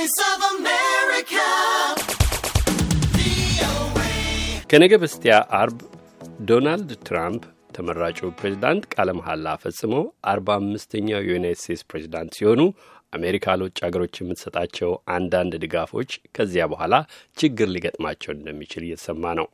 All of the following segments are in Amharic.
Voice of America. ከነገ በስቲያ አርብ ዶናልድ ትራምፕ ተመራጩ ፕሬዚዳንት ቃለ መሐላ ፈጽመው አርባ አምስተኛው የዩናይት ስቴትስ ፕሬዚዳንት ሲሆኑ አሜሪካ ለውጭ ሀገሮች የምትሰጣቸው አንዳንድ ድጋፎች ከዚያ በኋላ ችግር ሊገጥማቸው እንደሚችል እየተሰማ ነው።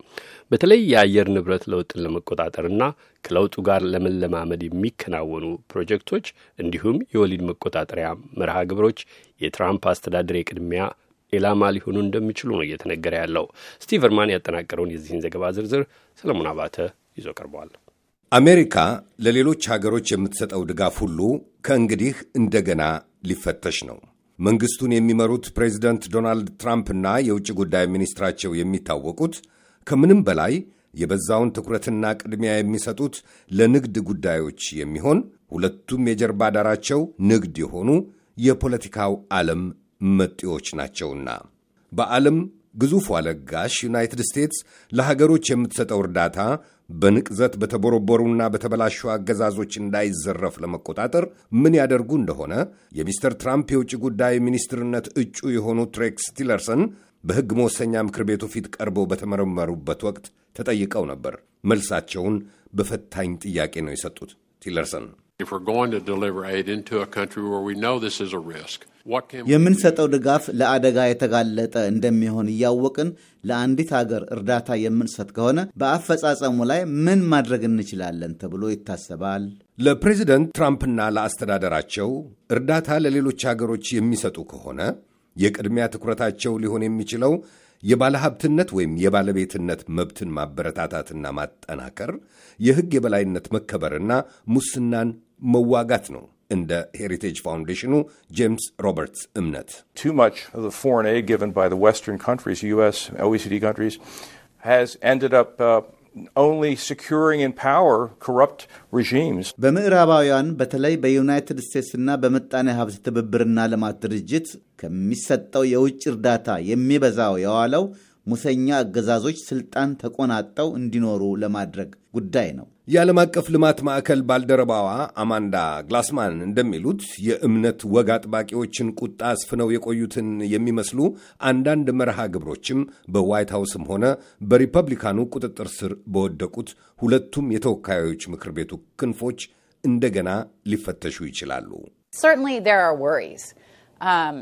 በተለይ የአየር ንብረት ለውጥን ለመቆጣጠርና ከለውጡ ጋር ለመለማመድ የሚከናወኑ ፕሮጀክቶች እንዲሁም የወሊድ መቆጣጠሪያ መርሃ ግብሮች የትራምፕ አስተዳደር የቅድሚያ ኢላማ ሊሆኑ እንደሚችሉ ነው እየተነገረ ያለው። ስቲቨርማን ያጠናቀረውን የዚህን ዘገባ ዝርዝር ሰለሞን አባተ ይዞ ቀርበዋል። አሜሪካ ለሌሎች ሀገሮች የምትሰጠው ድጋፍ ሁሉ ከእንግዲህ እንደገና ሊፈተሽ ነው። መንግስቱን የሚመሩት ፕሬዚደንት ዶናልድ ትራምፕና የውጭ ጉዳይ ሚኒስትራቸው የሚታወቁት ከምንም በላይ የበዛውን ትኩረትና ቅድሚያ የሚሰጡት ለንግድ ጉዳዮች የሚሆን ሁለቱም የጀርባ ዳራቸው ንግድ የሆኑ የፖለቲካው ዓለም መጤዎች ናቸውና በዓለም ግዙፏ ለጋሽ ዩናይትድ ስቴትስ ለሀገሮች የምትሰጠው እርዳታ በንቅዘት በተቦረቦሩና በተበላሹ አገዛዞች እንዳይዘረፍ ለመቆጣጠር ምን ያደርጉ እንደሆነ የሚስተር ትራምፕ የውጭ ጉዳይ ሚኒስትርነት እጩ የሆኑት ሬክስ ቲለርሰን በሕግ መወሰኛ ምክር ቤቱ ፊት ቀርበው በተመረመሩበት ወቅት ተጠይቀው ነበር። መልሳቸውን በፈታኝ ጥያቄ ነው የሰጡት ቲለርሰን የምንሰጠው ድጋፍ ለአደጋ የተጋለጠ እንደሚሆን እያወቅን ለአንዲት ሀገር እርዳታ የምንሰጥ ከሆነ በአፈጻጸሙ ላይ ምን ማድረግ እንችላለን ተብሎ ይታሰባል። ለፕሬዚደንት ትራምፕና ለአስተዳደራቸው እርዳታ ለሌሎች ሀገሮች የሚሰጡ ከሆነ የቅድሚያ ትኩረታቸው ሊሆን የሚችለው የባለሀብትነት ወይም የባለቤትነት መብትን ማበረታታትና ማጠናከር፣ የሕግ የበላይነት መከበርና ሙስናን መዋጋት ነው። እንደ ሄሪቴጅ ፋውንዴሽኑ ጄምስ ሮበርትስ እምነት በምዕራባውያን በተለይ በዩናይትድ ስቴትስና በምጣኔ ሀብት ትብብርና ልማት ድርጅት ከሚሰጠው የውጭ እርዳታ የሚበዛው የዋለው ሙሰኛ አገዛዞች ስልጣን ተቆናጠው እንዲኖሩ ለማድረግ ጉዳይ ነው። የዓለም አቀፍ ልማት ማዕከል ባልደረባዋ አማንዳ ግላስማን እንደሚሉት የእምነት ወግ አጥባቂዎችን ቁጣ አስፍነው የቆዩትን የሚመስሉ አንዳንድ መርሃ ግብሮችም በዋይት ሃውስም ሆነ በሪፐብሊካኑ ቁጥጥር ስር በወደቁት ሁለቱም የተወካዮች ምክር ቤቱ ክንፎች እንደገና ሊፈተሹ ይችላሉ። Um,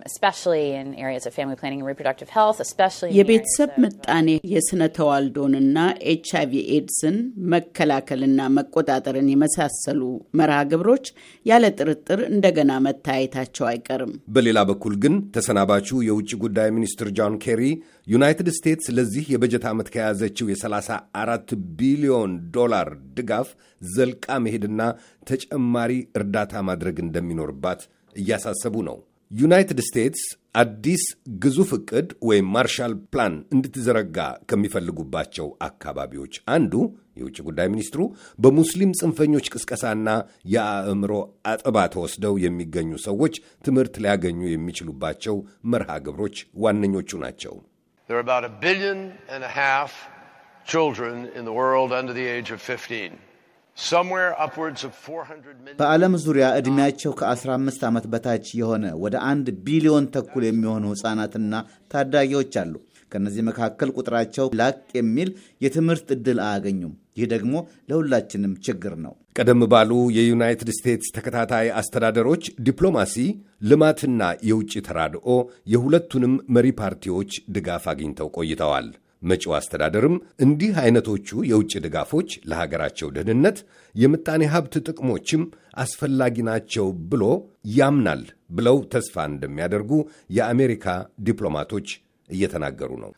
የቤተሰብ ምጣኔ የስነ ተዋልዶንና ኤች አይቪ ኤድስን መከላከልና መቆጣጠርን የመሳሰሉ መርሃ ግብሮች ያለ ጥርጥር እንደገና መታየታቸው አይቀርም። በሌላ በኩል ግን ተሰናባቹ የውጭ ጉዳይ ሚኒስትር ጆን ኬሪ ዩናይትድ ስቴትስ ለዚህ የበጀት ዓመት ከያዘችው የ34 ቢሊዮን ዶላር ድጋፍ ዘልቃ መሄድና ተጨማሪ እርዳታ ማድረግ እንደሚኖርባት እያሳሰቡ ነው። ዩናይትድ ስቴትስ አዲስ ግዙፍ እቅድ ወይም ማርሻል ፕላን እንድትዘረጋ ከሚፈልጉባቸው አካባቢዎች አንዱ የውጭ ጉዳይ ሚኒስትሩ በሙስሊም ጽንፈኞች ቅስቀሳና የአእምሮ አጥባ ተወስደው የሚገኙ ሰዎች ትምህርት ሊያገኙ የሚችሉባቸው መርሃ ግብሮች ዋነኞቹ ናቸው። ቢሊዮን በዓለም ዙሪያ ዕድሜያቸው ከ15 ዓመት በታች የሆነ ወደ አንድ ቢሊዮን ተኩል የሚሆኑ ሕፃናትና ታዳጊዎች አሉ። ከእነዚህ መካከል ቁጥራቸው ላቅ የሚል የትምህርት ዕድል አያገኙም። ይህ ደግሞ ለሁላችንም ችግር ነው። ቀደም ባሉ የዩናይትድ ስቴትስ ተከታታይ አስተዳደሮች ዲፕሎማሲ፣ ልማትና የውጭ ተራድኦ የሁለቱንም መሪ ፓርቲዎች ድጋፍ አግኝተው ቆይተዋል። መጪው አስተዳደርም እንዲህ አይነቶቹ የውጭ ድጋፎች ለሀገራቸው ደህንነት፣ የምጣኔ ሀብት ጥቅሞችም አስፈላጊ ናቸው ብሎ ያምናል ብለው ተስፋ እንደሚያደርጉ የአሜሪካ ዲፕሎማቶች እየተናገሩ ነው።